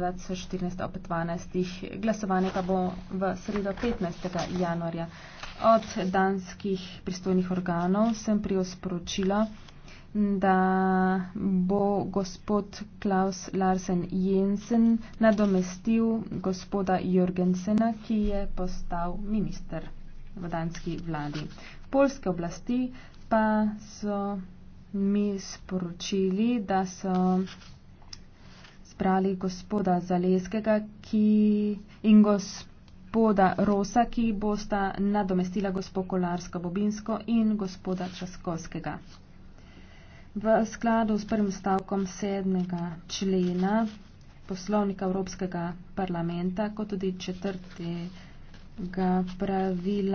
več 14, ob 12. Glasovanje pa bo v sredo 15. januarja. Od danskih pristojnih organov sem prijo sporočila, da bo gospod Klaus Larsen Jensen nadomestil gospoda Jorgensena, ki je postal minister v danski vladi. Polske oblasti pa so mi sporočili, da so izbrali gospoda Zaleskega ki, in gospoda Rosa, ki bosta nadomestila gospo Kolarsko Bobinsko in gospoda Časkovskega. V skladu s prvim stavkom sedmega člena poslovnika Evropskega parlamenta, kot tudi četrtega pravila,